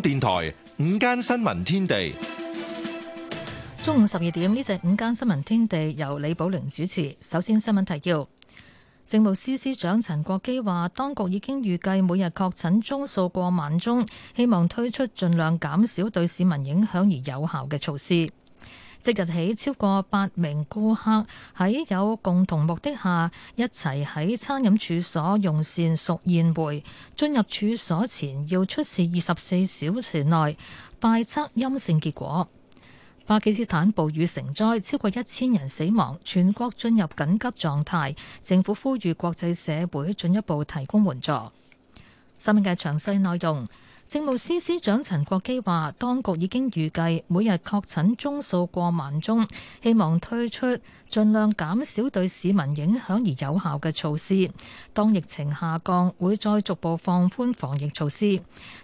電台五間新聞天地，中午十二點呢集、這個、五間新聞天地由李寶玲主持。首先新聞提要，政務司司長陳國基話，當局已經預計每日確診宗數過萬宗，希望推出盡量減少對市民影響而有效嘅措施。即日起，超過八名顧客喺有共同目的下一齊喺餐飲處所用膳屬宴會。進入處所前要出示二十四小時內快測陰性結果。巴基斯坦暴雨成災，超過一千人死亡，全國進入緊急狀態，政府呼籲國際社會進一步提供援助。新聞嘅詳細內容。政務司司長陳國基話：當局已經預計每日確診宗數過萬宗，希望推出盡量減少對市民影響而有效嘅措施。當疫情下降，會再逐步放寬防疫措施。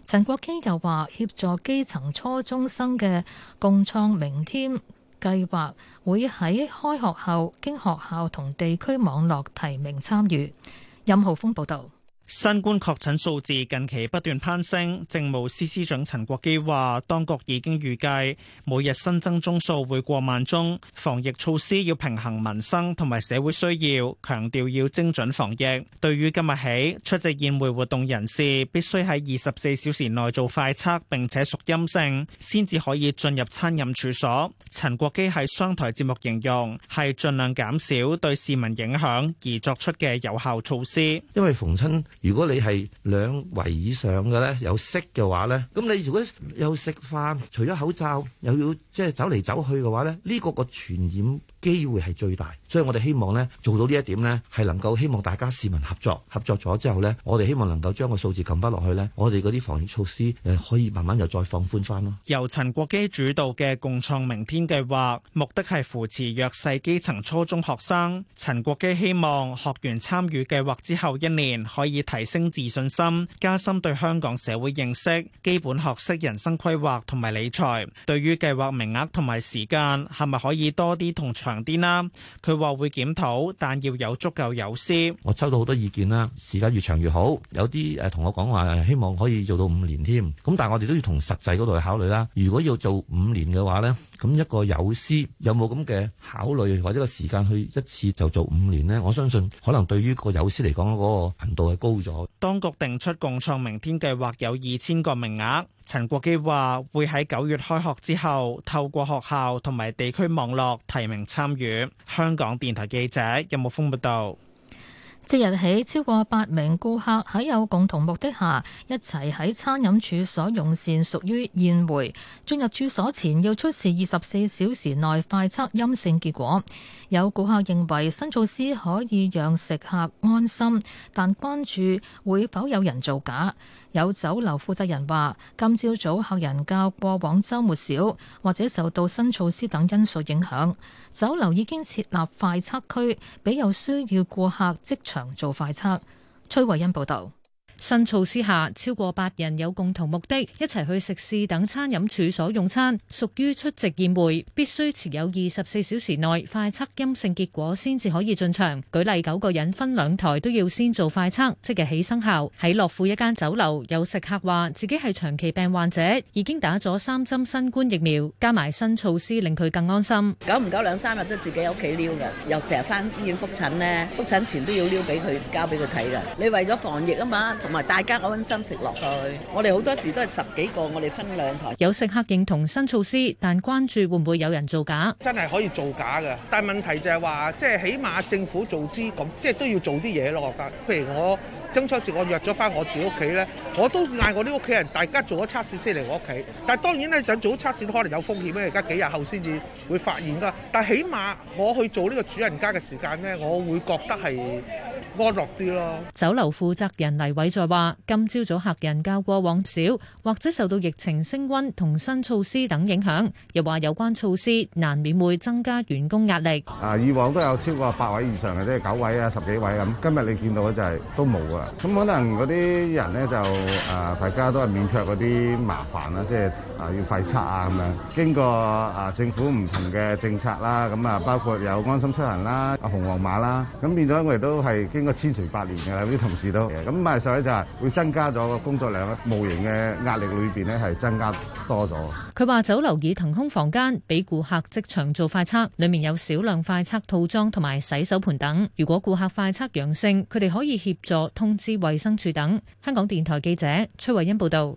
陳國基又話：協助基層初中生嘅“共創明天”計劃會喺開學後經學校同地區網絡提名參與。任浩峰報道。新冠確診數字近期不斷攀升，政務司司長陳國基話：當局已經預計每日新增宗數會過萬宗，防疫措施要平衡民生同埋社會需要，強調要精準防疫。對於今日起出席宴會活動人士，必須喺二十四小時內做快測並且屬陰性，先至可以進入餐飲處所。陳國基喺商台節目形容係盡量減少對市民影響而作出嘅有效措施，因為逢親，如果你係兩圍以上嘅咧，有色嘅話咧，咁你如果又食飯，除咗口罩又要即係走嚟走去嘅話咧，呢、呢個個傳染機會係最大，所以我哋希望咧做到呢一點咧，係能夠希望大家市民合作，合作咗之後咧，我哋希望能夠將個數字撳翻落去咧，我哋嗰啲防疫措施誒可以慢慢又再放寬翻咯。由陳國基主導嘅共創明天計劃，目的係扶持弱勢基層初中學生。陳國基希望學員參與計劃之後一年，可以提升自信心，加深對香港社會認識、基本學識、人生規劃同埋理財。對於計劃名額同埋時間，係咪可以多啲同啲啦，佢話 會檢討，但要有足夠友師。我收到好多意見啦，時間越長越好。有啲誒同我講，話希望可以做到五年添。咁但係我哋都要同實際嗰度去考慮啦。如果要做五年嘅話呢，咁一個友師，有冇咁嘅考慮或者個時間去一次就做五年呢？我相信可能對於個友師嚟講嗰個難度係高咗。當局定出共創明天計劃有二千個名額。陳國基話：會喺九月開學之後，透過學校同埋地區網絡提名參與。香港電台記者任木峰報道。即日起，超過八名顧客喺有共同目的下一齊喺餐飲處所用膳，屬於宴會。進入住所前要出示二十四小時內快測陰性結果。有顧客認為新措施可以讓食客安心，但關注會否有人造假。有酒樓負責人話今朝早客人較過往周末少，或者受到新措施等因素影響，酒樓已經設立快測區，俾有需要顧客即場。做快測，崔慧欣報導。新措施下，超過八人有共同目的一齊去食肆等餐飲處所所用餐，屬於出席宴會，必須持有二十四小時內快測陰性結果先至可以進場。舉例九個人分兩枱都要先做快測，即日起生效。喺樂富一間酒樓，有食客話自己係長期病患者，已經打咗三針新冠疫苗，加埋新措施令佢更安心。久唔久兩三日都自己喺屋企撩嘅，又成日翻醫院復診呢，復診前都要撩俾佢交俾佢睇嘅。你為咗防疫啊嘛。唔係大家安心食落去，我哋好多時都係十幾個，我哋分兩台。有食客認同新措施，但關注會唔會有人造假？真係可以造假嘅，但係問題就係話，即係起碼政府做啲咁，即係都要做啲嘢咯。我覺得，譬如我中秋節我約咗翻我自己屋企咧，我都嗌我啲屋企人，大家做咗測試先嚟我屋企。但係當然咧，就做咗測試都可能有風險咧。而家幾日後先至會發現㗎。但係起碼我去做呢個主人家嘅時間咧，我會覺得係。安落啲咯。酒樓負責人黎偉在話：今朝早客人較過往少，或者受到疫情升溫同新措施等影響。又話有關措施難免會增加員工壓力。啊，以往都有超過八位以上嘅，即係九位啊、十幾位咁。今日你見到嘅就係都冇啊。咁可能嗰啲人咧就誒，大家都係免卻嗰啲麻煩啦，即係啊要廢拆啊咁樣。經過啊政府唔同嘅政策啦，咁啊包括有安心出行啦、紅黃碼啦，咁變咗我哋都係經過。千垂百年嘅啦，啲同事都咁唔上，所以就係會增加咗個工作量啦，無形嘅壓力裏邊咧係增加多咗。佢話酒樓已騰空房間俾顧客即場做快測，裡面有少量快測套裝同埋洗手盆等。如果顧客快測陽性，佢哋可以協助通知衛生署等。香港電台記者崔慧欣報道。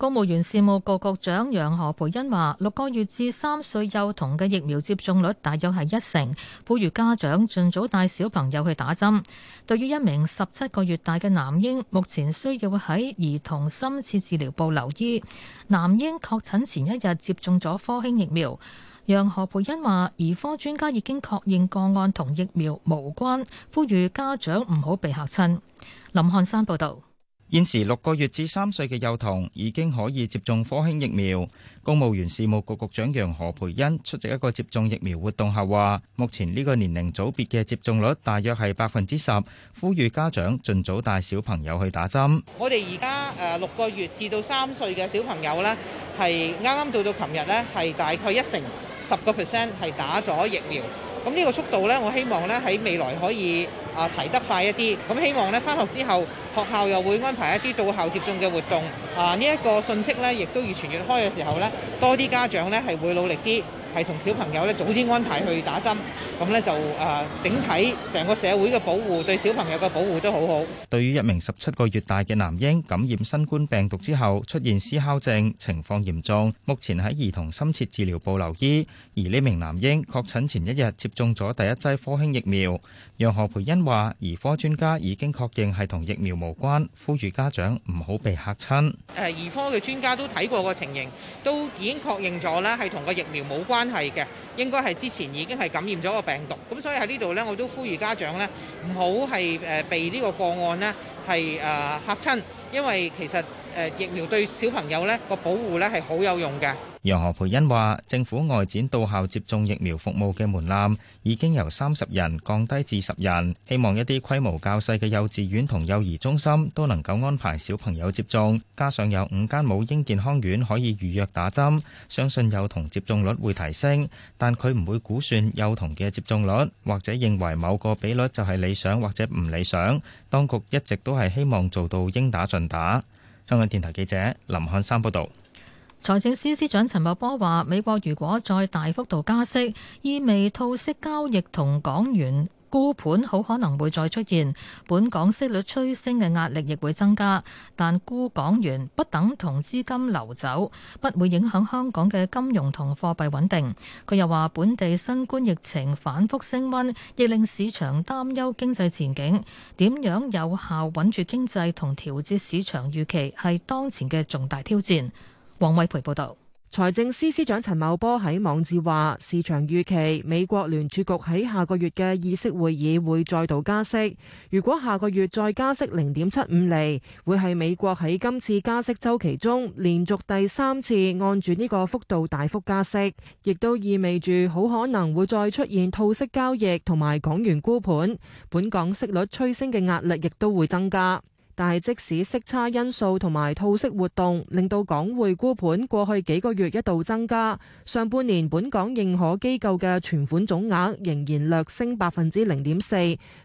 公務員事務局局長楊何蓓茵話：六個月至三歲幼童嘅疫苗接種率大約係一成，呼籲家長盡早帶小朋友去打針。對於一名十七個月大嘅男嬰，目前需要喺兒童深切治療部留醫。男嬰確診前一日接種咗科興疫苗，楊何蓓茵話：兒科專家已經確認個案同疫苗無關，呼籲家長唔好被嚇親。林漢山報道。現時六個月至三歲嘅幼童已經可以接種科興疫苗。公務員事務局局長楊何培恩出席一個接種疫苗活動後話，目前呢個年齡組別嘅接種率大約係百分之十，呼籲家長盡早帶小朋友去打針。我哋而家誒六個月至到三歲嘅小朋友呢，係啱啱到到琴日呢，係大概一成，十個 percent 係打咗疫苗。咁呢個速度呢，我希望呢喺未來可以啊提得快一啲。咁、啊、希望呢返學之後，學校又會安排一啲到校接種嘅活動。啊，呢、這、一個信息呢亦都越傳越開嘅時候呢，多啲家長呢係會努力啲。係同小朋友咧早啲安排去打針，咁咧就啊整體成個社會嘅保護，對小朋友嘅保護都好好。對於一名十七個月大嘅男嬰感染新冠病毒之後出現思考症，情況嚴重，目前喺兒童深切治療部留醫。而呢名男嬰確診前一日接種咗第一劑科興疫苗。楊何培恩話，兒科專家已經確認係同疫苗無關，呼籲家長唔好被嚇親。誒，兒科嘅專家都睇過個情形，都已經確認咗咧係同個疫苗冇關係嘅，應該係之前已經係感染咗個病毒。咁所以喺呢度咧，我都呼籲家長咧唔好係誒被呢個個案咧係誒嚇親，因為其實誒疫苗對小朋友咧個保護咧係好有用嘅。楊何培恩話：政府外展到校接種疫苗服務嘅門檻已經由三十人降低至十人，希望一啲規模較細嘅幼稚園同幼兒中心都能夠安排小朋友接種，加上有五間母嬰健康院可以預約打針，相信幼童接種率會提升。但佢唔會估算幼童嘅接種率，或者認為某個比率就係理想或者唔理想。當局一直都係希望做到應打盡打。香港電台記者林漢山報道。財政司司長陳茂波話，美國如果再大幅度加息，意味套息交易同港元沽盤好可能會再出現，本港息率趨升嘅壓力亦會增加。但沽港元不等同資金流走，不會影響香港嘅金融同貨幣穩定。佢又話，本地新冠疫情反覆升温，亦令市場擔憂經濟前景。點樣有效穩住經濟同調節市場預期，係當前嘅重大挑戰。黃偉培報道，財政司司長陳茂波喺網誌話，市場預期美國聯儲局喺下個月嘅議息會議會再度加息。如果下個月再加息零點七五厘，會係美國喺今次加息周期中連續第三次按住呢個幅度大幅加息，亦都意味住好可能會再出現套息交易同埋港元沽盤，本港息率催升嘅壓力亦都會增加。但係即使息差因素同埋套息活動令到港匯沽盤過去幾個月一度增加，上半年本港認可機構嘅存款總額仍然略升百分之零點四，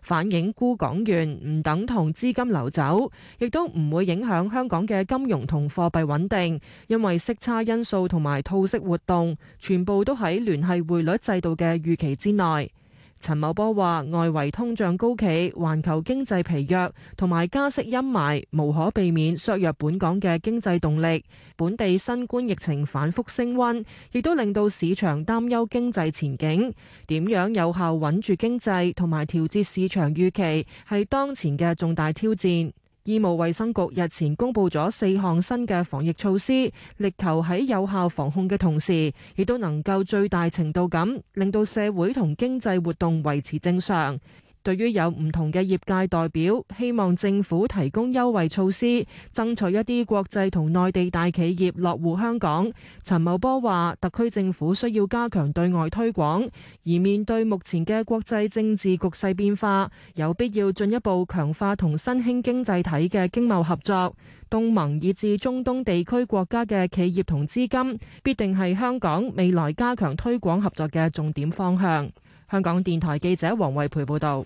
反映沽港元唔等同資金流走，亦都唔會影響香港嘅金融同貨幣穩定，因為息差因素同埋套息活動全部都喺聯繫匯率制度嘅預期之內。陳茂波話：外圍通脹高企、環球經濟疲弱同埋加息陰霾，無可避免削弱本港嘅經濟動力。本地新冠疫情反覆升溫，亦都令到市場擔憂經濟前景。點樣有效穩住經濟同埋調節市場預期，係當前嘅重大挑戰。醫務衛生局日前公布咗四項新嘅防疫措施，力求喺有效防控嘅同時，亦都能夠最大程度咁令到社會同經濟活動維持正常。對於有唔同嘅業界代表，希望政府提供優惠措施，爭取一啲國際同內地大企業落戶香港。陳茂波話，特區政府需要加強對外推廣，而面對目前嘅國際政治局勢變化，有必要進一步強化同新興經濟體嘅經貿合作。東盟以至中東地區國家嘅企業同資金，必定係香港未來加強推廣合作嘅重點方向。香港電台記者黃慧培報道。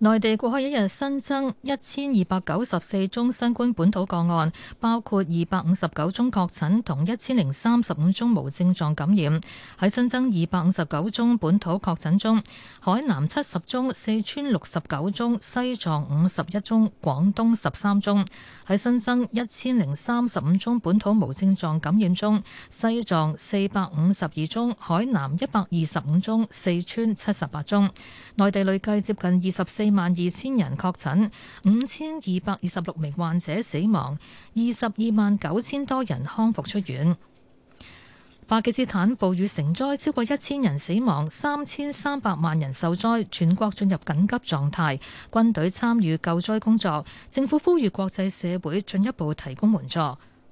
內地過去一日新增一千二百九十四宗新冠本土個案，包括二百五十九宗確診同一千零三十五宗無症狀感染。喺新增二百五十九宗本土確診中，海南七十宗、四川六十九宗、西藏五十一宗、廣東十三宗。喺新增一千零三十五宗本土無症狀感染中，西藏四百五十二宗、海南一百二十五宗、四川七十八宗。內地累計接近二十四。二萬二千人確診，五千二百二十六名患者死亡，二十二萬九千多人康復出院。巴基斯坦暴雨成災，超過一千人死亡，三千三百萬人受災，全國進入緊急狀態，軍隊參與救災工作，政府呼籲國際社會進一步提供援助。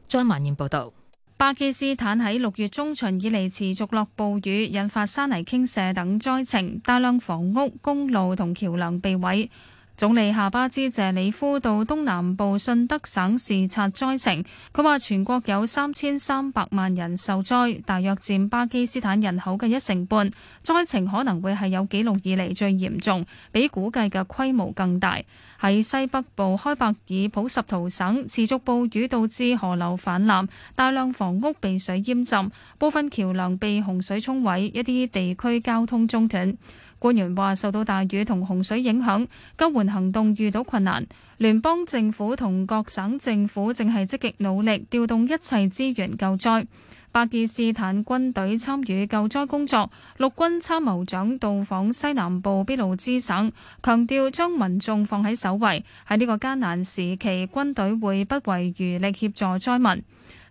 張曼燕報道。巴基斯坦喺六月中旬以嚟持續落暴雨，引發山泥傾瀉等災情，大量房屋、公路同橋梁被毀。總理夏巴茲謝里夫到東南部信德省視察災情，佢話全國有三千三百萬人受災，大約佔巴基斯坦人口嘅一成半，災情可能會係有紀錄以嚟最嚴重，比估計嘅規模更大。喺西北部開伯爾普什圖省，持續暴雨導致河流泛濫，大量房屋被水淹浸，部分橋樑被洪水沖毀，一啲地區交通中斷。官員話：受到大雨同洪水影響，救援行動遇到困難。聯邦政府同各省政府正係積極努力，調動一切資源救災。巴基斯坦軍隊參與救災工作，陸軍參謀長到訪西南部俾路支省，強調將民眾放喺首位。喺呢個艱難時期，軍隊會不遺餘力協助災民。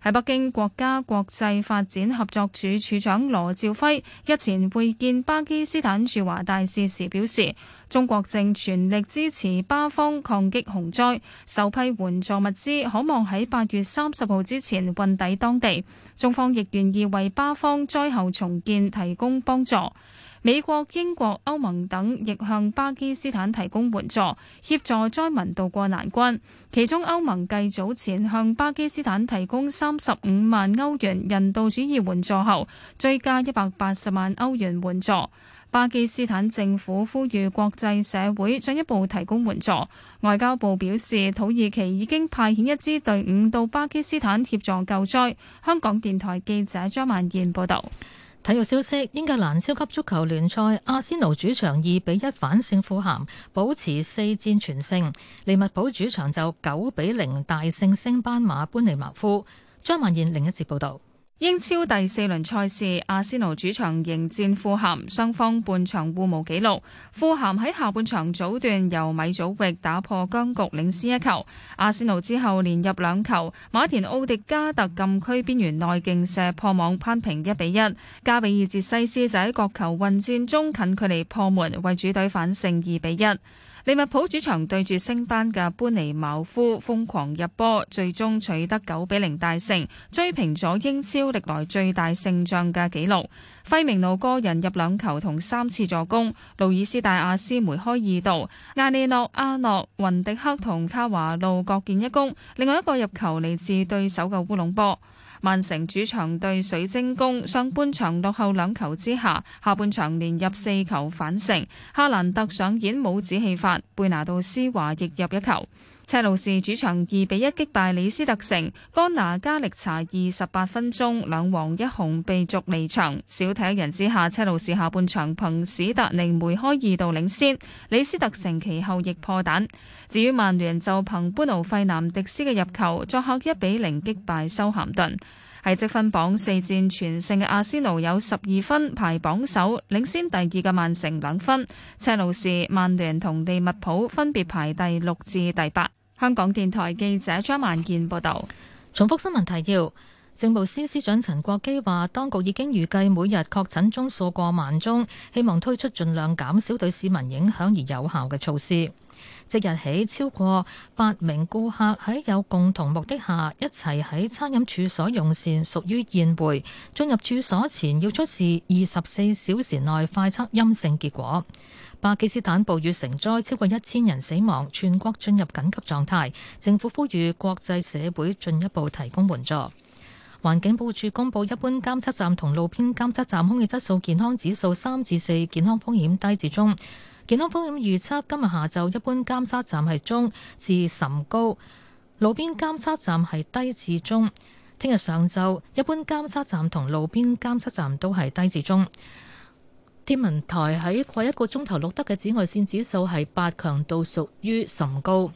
喺北京，國家國際發展合作署署長羅照輝日前會見巴基斯坦駐華大使時表示，中國正全力支持巴方抗擊洪災，首批援助物資可望喺八月三十號之前運抵當地。中方亦願意為巴方災後重建提供幫助。美國、英國、歐盟等亦向巴基斯坦提供援助，協助災民渡過難關。其中，歐盟繼早前向巴基斯坦提供三十五萬歐元人道主義援助後，追加一百八十萬歐元援助。巴基斯坦政府呼籲國際社會進一步提供援助。外交部表示，土耳其已經派遣一支隊伍到巴基斯坦協助救災。香港電台記者張曼燕報導。體育消息：英格蘭超級足球聯賽，阿仙奴主場二比一反勝富咸，保持四戰全勝。利物浦主場就九比零大勝升班馬般尼茅夫。張萬燕另一節報道。英超第四輪賽事，阿仙奴主場迎戰富咸，雙方半場互無紀錄。富咸喺下半場早段由米祖域打破僵局，領先一球。阿仙奴之後連入兩球，馬田奧迪加特禁區邊緣內勁射破網，攀平一比一。加比爾捷西斯就喺角球混戰中近距離破門，為主隊反勝二比一。利物浦主場對住升班嘅班尼茅夫瘋狂入波，最終取得九比零大勝，追平咗英超歷來最大勝仗嘅紀錄。費明奴個人入兩球同三次助攻，路爾斯大亞斯梅開二度，艾利諾阿諾、雲迪克同卡華路各建一功，另外一個入球嚟自對手嘅烏龍波。曼城主場對水晶宮，上半場落後兩球之下，下半場連入四球反勝。哈蘭特上演帽子戲法，貝拿度斯華亦入一球。車路士主場二比一擊敗李斯特城，干拿加力查二十八分鐘兩黃一紅被逐離場。少踢一人之下，車路士下半場憑史特寧梅開二度領先，李斯特城其後亦破蛋。至於曼聯就憑般奴費南迪斯嘅入球，作客一比零擊敗修咸頓。係積分榜四戰全勝嘅阿仙奴有十二分排榜首，領先第二嘅曼城兩分。車路士、曼聯同利物浦分別排第六至第八。香港電台記者張萬健報道。重複新聞提要：政務司司長陳國基話，當局已經預計每日確診宗數過萬宗，希望推出盡量減少對市民影響而有效嘅措施。即日起，超過八名顧客喺有共同目的下一齊喺餐飲處所用膳，屬於宴會。進入處所前要出示二十四小時內快測陰性結果。巴基斯坦暴雨成災，超過一千人死亡，全國進入緊急狀態，政府呼籲國際社會進一步提供援助。環境保護署公布，一般監測站同路邊監測站空氣質素健康指數三至四，健康風險低至中。健康風險預測今日下晝一般監測站係中至甚高，路邊監測站係低至中。聽日上晝一般監測站同路邊監測站都係低至中。天文台喺過去一個鐘頭錄得嘅紫外線指數係八強度，屬於甚高。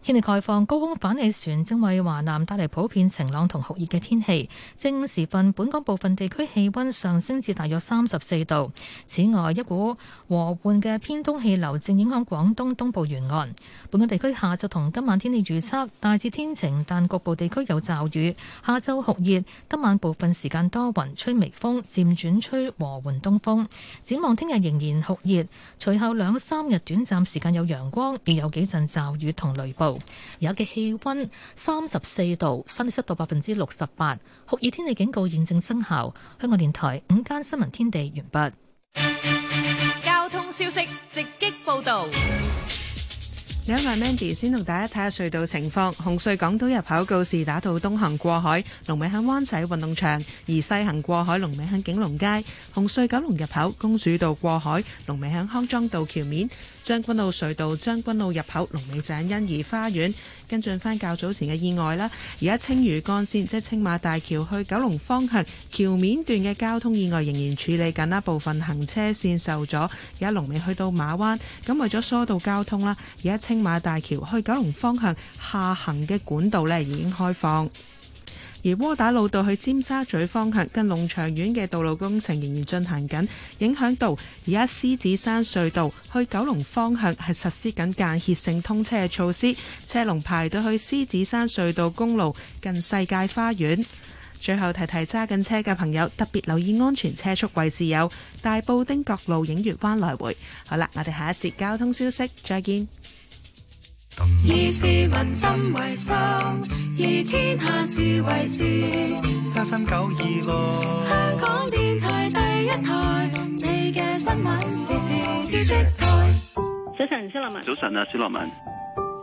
天氣概況，高空反氣旋正為華南帶嚟普遍晴朗同酷熱嘅天氣。正正時分，本港部分地區氣温上升至大約三十四度。此外，一股和緩嘅偏東氣流正影響廣東東部沿岸。本港地區下晝同今晚天氣預測大致天晴，但局部地區有驟雨。下晝酷熱，今晚部分時間多雲，吹微風，漸轉吹和緩東風。展望聽日仍然酷熱，隨後兩三日短暫時間有陽光，亦有幾陣驟雨同雷暴。而家嘅氣溫三十四度，相對濕度百分之六十八，酷熱天氣警告現正生效。香港電台午間新聞天地完畢。交通消息直擊報道。有一 Mandy 先同大家睇下隧道情況。紅隧港島入口告示打到東行過海，龍尾喺灣仔運動場；而西行過海龍尾喺景隆街。紅隧九龍入口公主道過海，龍尾喺康莊道橋面。將軍澳隧道將軍澳入口，龍尾站欣怡花園。跟進翻較早前嘅意外啦，而家青嶼幹線即係青馬大橋去九龍方向橋面段嘅交通意外仍然處理緊啦，部分行車線受阻，而家龍尾去到馬灣。咁為咗疏導交通啦，而家青馬大橋去九龍方向下行嘅管道呢已經開放；而窩打老道去尖沙咀方向，近龍翔苑嘅道路工程仍然進行緊，影響到而家獅子山隧道去九龍方向係實施緊間歇性通車嘅措施，車龍排到去獅子山隧道公路近世界花園。最後提提揸緊車嘅朋友，特別留意安全車速位置有大布丁角路、影月灣來回。好啦，我哋下一節交通消息再見。以市民心為心，以天下事為事。三七分九二六、哦，香港電台第一台，嗯、你嘅新聞時事知識台。早晨，蕭樂文。早晨啊，蕭樂文。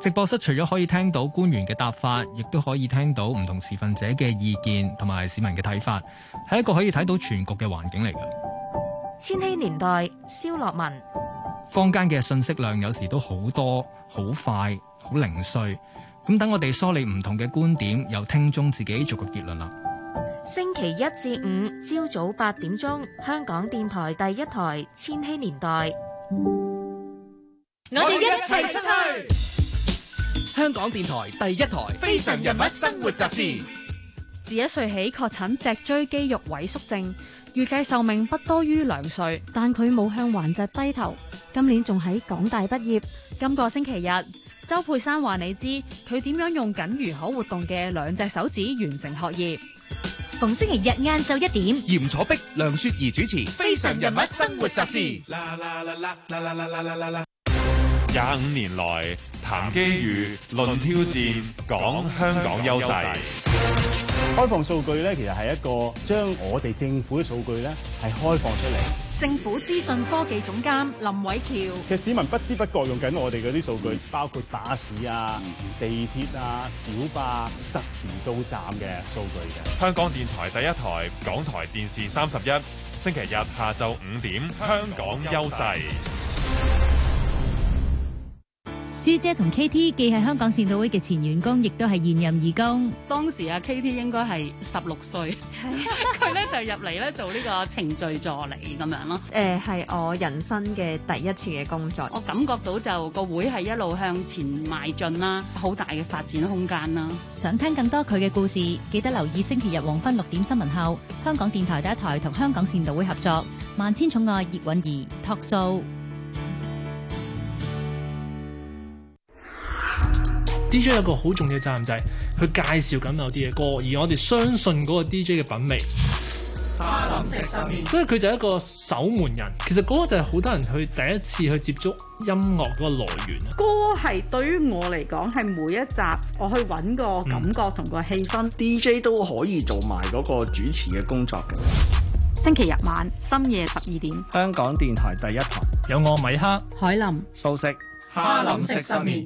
直播室除咗可以聽到官員嘅答法，亦都可以聽到唔同持份者嘅意見同埋市民嘅睇法，係一個可以睇到全局嘅環境嚟嘅。千禧年代，蕭樂文。坊間嘅信息量有時都好多。好快，好零碎。咁等我哋梳理唔同嘅觀點，由聽眾自己做個結論啦。星期一至五朝早八點鐘，香港電台第一台《千禧年代》，我哋一齊出去。香港電台第一台《非常人物生活雜誌》。自一歲起確診脊椎肌肉萎縮症。預計壽命不多於兩歲，但佢冇向頑疾低頭。今年仲喺港大畢業。今個星期日，周佩珊話你知佢點樣用僅如可活動嘅兩隻手指完成學業。逢星期日晏晝一點，嚴楚碧、梁雪兒，主持《非常人物生活雜誌》。廿五年來談機遇、論挑戰、講香港優勢。開放數據咧，其實係一個將我哋政府嘅數據咧係開放出嚟。政府資訊科技總監林偉喬，嘅市民不知不覺用緊我哋嗰啲數據，嗯、包括巴士啊、地鐵啊、小巴實時到站嘅數據嘅。嗯、香港電台第一台，港台電視三十一，星期日下晝五點，香港優勢。朱姐同 KT 既係香港善導會嘅前員工，亦都係現任義工。當時啊，KT 應該係十六歲，佢咧 就入嚟咧做呢個程序助理咁樣咯。誒、呃，係我人生嘅第一次嘅工作。我感覺到就個會係一路向前邁進啦，好大嘅發展空間啦。想聽更多佢嘅故事，記得留意星期日黃昏六點新聞後，香港電台第一台同香港善導會合作《萬千寵愛葉韻儀》Talk Show。DJ 有個好重要嘅責任就係去介紹咁有啲嘅歌，而我哋相信嗰個 DJ 嘅品味。哈林食失眠，所以佢就係一個守門人。其實嗰個就係好多人去第一次去接觸音樂嗰個來源。歌係對於我嚟講係每一集我去揾個感覺同個氣氛。嗯、DJ 都可以做埋嗰個主持嘅工作。星期日晚深夜十二點，香港電台第一台有我米克、海林、素食、哈林食失眠。